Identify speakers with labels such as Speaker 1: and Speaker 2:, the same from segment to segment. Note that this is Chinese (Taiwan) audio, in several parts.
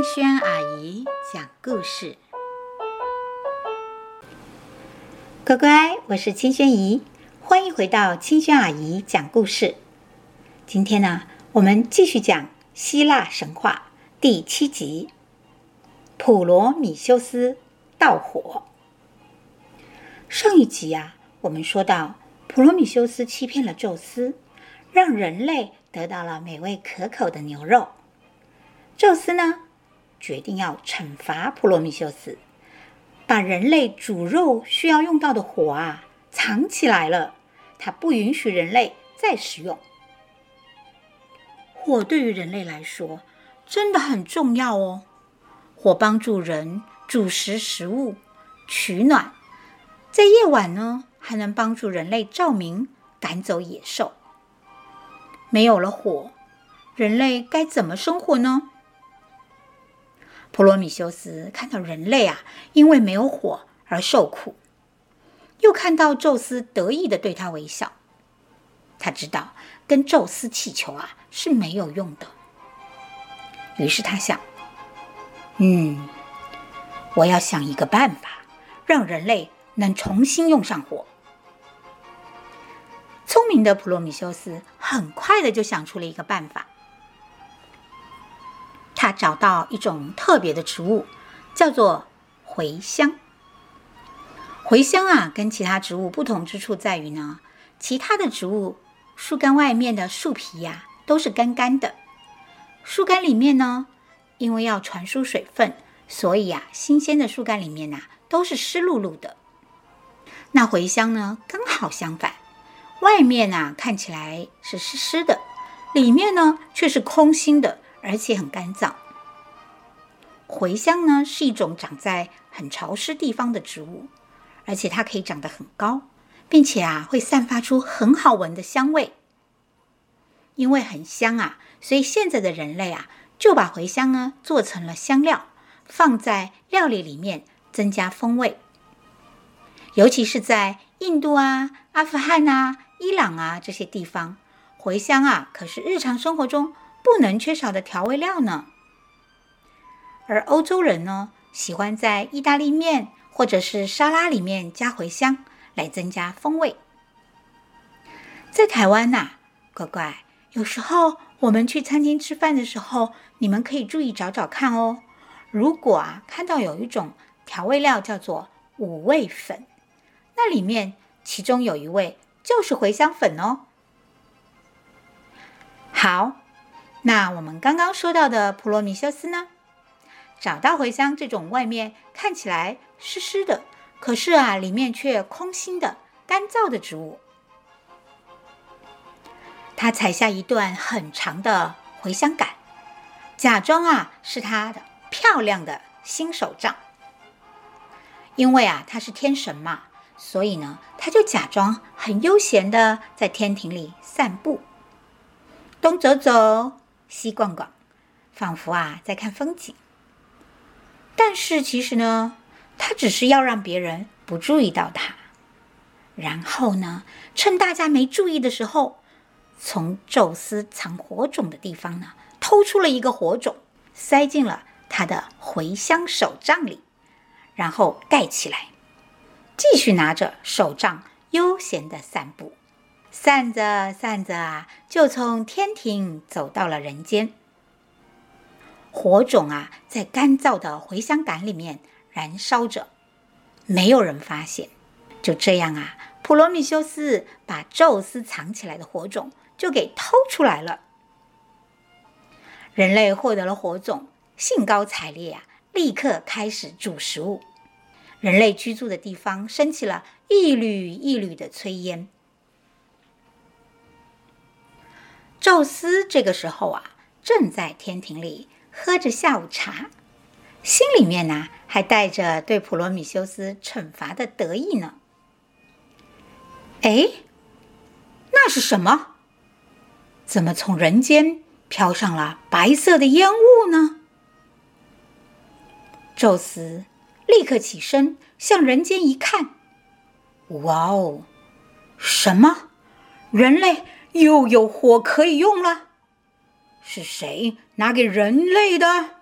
Speaker 1: 青萱阿姨講故事，乖乖，我是青萱姨，歡迎回到青萱阿姨講故事。今天呢，我們繼續講希臘神話第七集《普羅米修斯盜火》。上一集啊，我們說到普羅米修斯欺騙了宙斯，讓人類得到了美味可口的牛肉。宙斯呢，決定要懲罰普羅米修士，把人類煮肉需要用到的火啊藏起來了。他不允許人類再使用。火對於人類來說，真的很重要哦。火幫助人煮熟食物、取暖，在夜晚呢還能幫助人類照明、趕走野獸。沒有了火，人類該怎麼生活呢？普羅米修斯看到人類啊，因為沒有火而受苦，又看到宙斯得意地對他微笑，他知道跟宙斯乞求啊是沒有用的。於是他想：“嗯，我要想一個辦法，讓人類能重新用上火。”聰明的普羅米修斯很快的就想出了一個辦法。他找到一種特別的植物，叫做茴香。茴香啊，跟其他植物不同之處在於呢，其他的植物樹幹外面的樹皮呀，都是乾乾的，樹幹裡面呢，因為要傳輸水分，所以啊，新鮮的樹幹裡面吶，都是濕漉漉的。那茴香呢，剛好相反，外面吶看起來是濕濕的，裡面呢卻是空心的。而且很乾燥。茴香呢是一種長在很潮濕地方的植物，而且它可以長得很高，並且啊會散發出很好聞的香味。因為很香啊，所以現在的人類啊就把茴香呢做成了香料，放在料理裡面增加風味。尤其是在印度啊、阿富汗啊、伊朗啊這些地方，茴香啊可是日常生活中。不能缺少的調味料呢，而歐洲人呢，喜歡在意大利麵或者是沙拉裡面加茴香來增加風味。在台灣吶、啊，乖乖，有時候我們去餐廳吃飯的時候，你們可以注意找找看哦。如果啊，看到有一種調味料叫做五味粉，那裡面其中有一味就是茴香粉哦。好。那我們剛剛說到的普羅米修斯呢，找到茴香這種外面看起來濕濕的，可是啊裡面卻空心的、乾燥的植物。他採下一段很長的茴香桿，假裝啊是他的漂亮的新手杖。因為啊他是天神嘛，所以呢他就假裝很悠閒的在天庭裡散步，東走走。西逛逛，仿佛啊在看風景。但是其實呢，他只是要讓別人不注意到他。然後呢，趁大家沒注意的時候，從宙斯藏火種的地方呢，偷出了一個火種，塞進了他的茴香手杖裡，然後蓋起來，繼續拿着手杖悠閒的散步。散着散着啊，就從天庭走到了人間。火種啊，在乾燥的茴香稈裡面燃燒着，沒有人發現。就這樣啊，普羅米修斯把宙斯藏起來的火種就給偷出來了。人類獲得了火種，興高采烈啊，立刻開始煮食物，人類居住的地方升起了一縷一縷的炊煙。宙斯這個時候啊，正在天庭裡喝着下午茶，心裡面呢，還帶着對普羅米修斯懲罰的得意呢。哎，那是什麼？怎麼從人間飄上了白色的煙霧呢？宙斯立刻起身向人間一看，哇哦，什麼人類？又有火可以用了，是誰拿給人類的？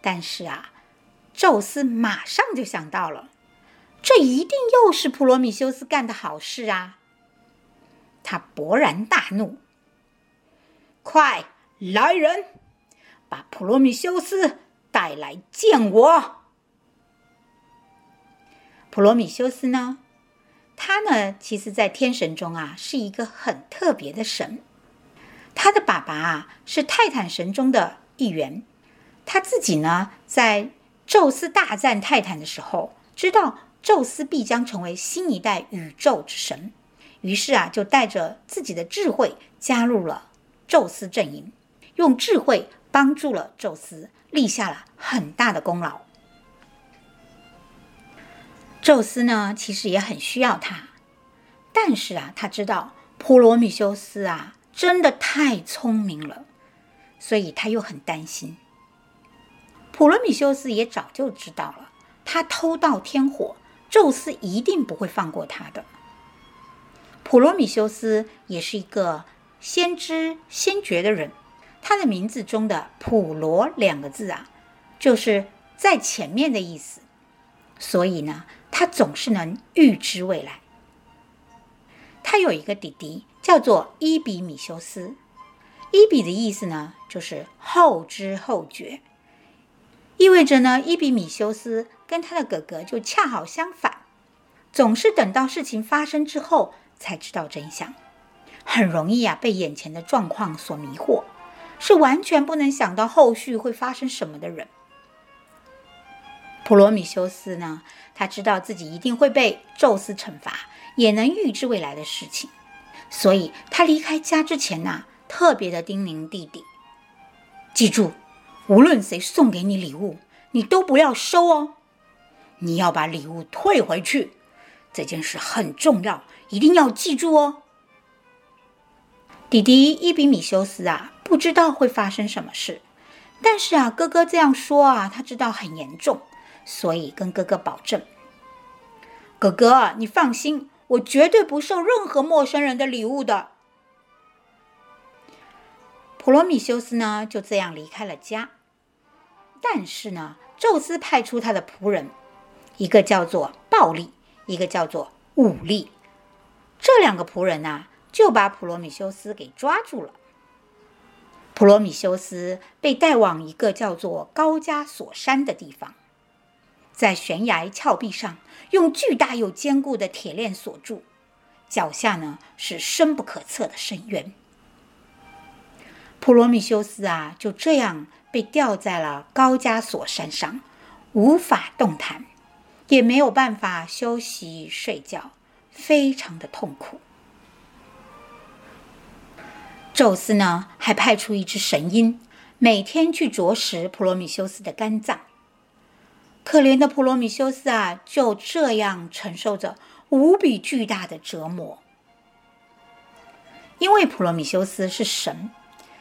Speaker 1: 但是啊，宙斯馬上就想到了，這一定又是普羅米修斯幹的好事啊！他勃然大怒，快來人，把普羅米修斯帶來見我。普羅米修斯呢？他呢，其實，在天神中啊，是一個很特別的神。他的爸爸啊，是泰坦神中的一員。他自己呢，在宙斯大戰泰坦的時候，知道宙斯必將成為新一代宇宙之神，於是啊，就帶着自己的智慧加入了宙斯陣營，用智慧幫助了宙斯，立下了很大的功勞。宙斯呢，其實也很需要他，但是啊，他知道普羅米修斯啊，真的太聰明了，所以他又很擔心。普羅米修斯也早就知道了，他偷盜天火，宙斯一定不會放過他的。普羅米修斯也是一個先知先覺的人，他的名字中的“普羅”兩個字啊，就是在前面的意思。所以呢，他總是能預知未來。他有一個弟弟，叫做伊比米修斯。伊比的意思呢，就是後知後覺，意味着呢，伊比米修斯跟他的哥哥就恰好相反，總是等到事情發生之後才知道真相，很容易啊被眼前的狀況所迷惑，是完全不能想到後續會發生什麼的人。普羅米修斯呢？他知道自己一定會被宙斯懲罰，也能預知未來的事情，所以他離開家之前吶、啊，特別的叮嚀弟弟：記住，無論誰送給你禮物，你都不要收哦，你要把禮物退回去。這件事很重要，一定要記住哦。弟弟伊比米修斯啊，不知道會發生什麼事，但是啊，哥哥這樣說啊，他知道很嚴重。所以，跟哥哥保證，哥哥，你放心，我絕對不收任何陌生人的禮物的。普羅米修斯呢，就這樣離開了家。但是呢，宙斯派出他的僕人，一個叫做暴力，一個叫做武力，這兩個僕人呢，就把普羅米修斯給抓住了。普羅米修斯被帶往一個叫做高加索山的地方。在懸崖峭壁上，用巨大又堅固的鐵鏈鎖住，腳下呢，是深不可測的深淵。普羅米修斯啊，就這樣被弔在了高加索山上，無法動彈，也沒有辦法休息睡覺，非常的痛苦。宙斯呢，還派出一隻神鷹，每天去啄食普羅米修斯的肝臟。可憐的普羅米修斯啊，就這樣承受着無比巨大的折磨。因為普羅米修斯是神，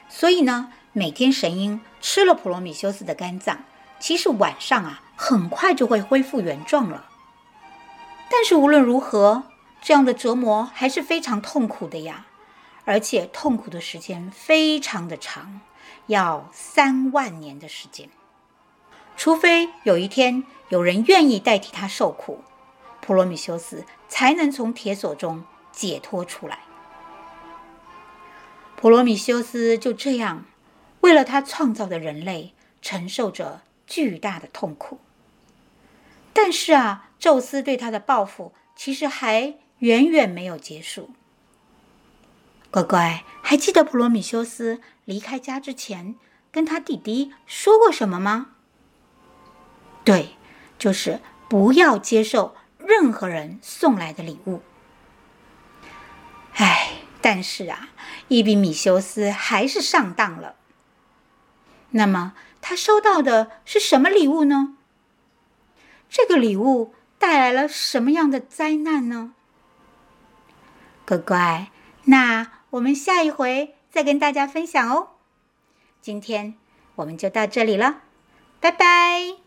Speaker 1: 所以呢，每天神鷹吃了普羅米修斯的肝臟，其實晚上啊，很快就會恢復原狀了。但是無論如何，這樣的折磨還是非常痛苦的呀，而且痛苦的時間非常的長，要三萬年的時間。除非有一天有人願意代替他受苦，普羅米修斯才能從鐵鎖中解脫出來。普羅米修斯就這樣為了他創造的人類承受着巨大的痛苦。但是啊，宙斯對他的報復其實還遠遠沒有結束。乖乖，還記得普羅米修斯離開家之前跟他弟弟說過什麼嗎？對，就是不要接受任何人送來的禮物。哎，但是啊，伊比米修斯還是上當了。那麼他收到的是什麼禮物呢？這個禮物帶來了什麼樣的災難呢？乖乖，那我們下一回再跟大家分享哦。今天我們就到這裡了，拜拜。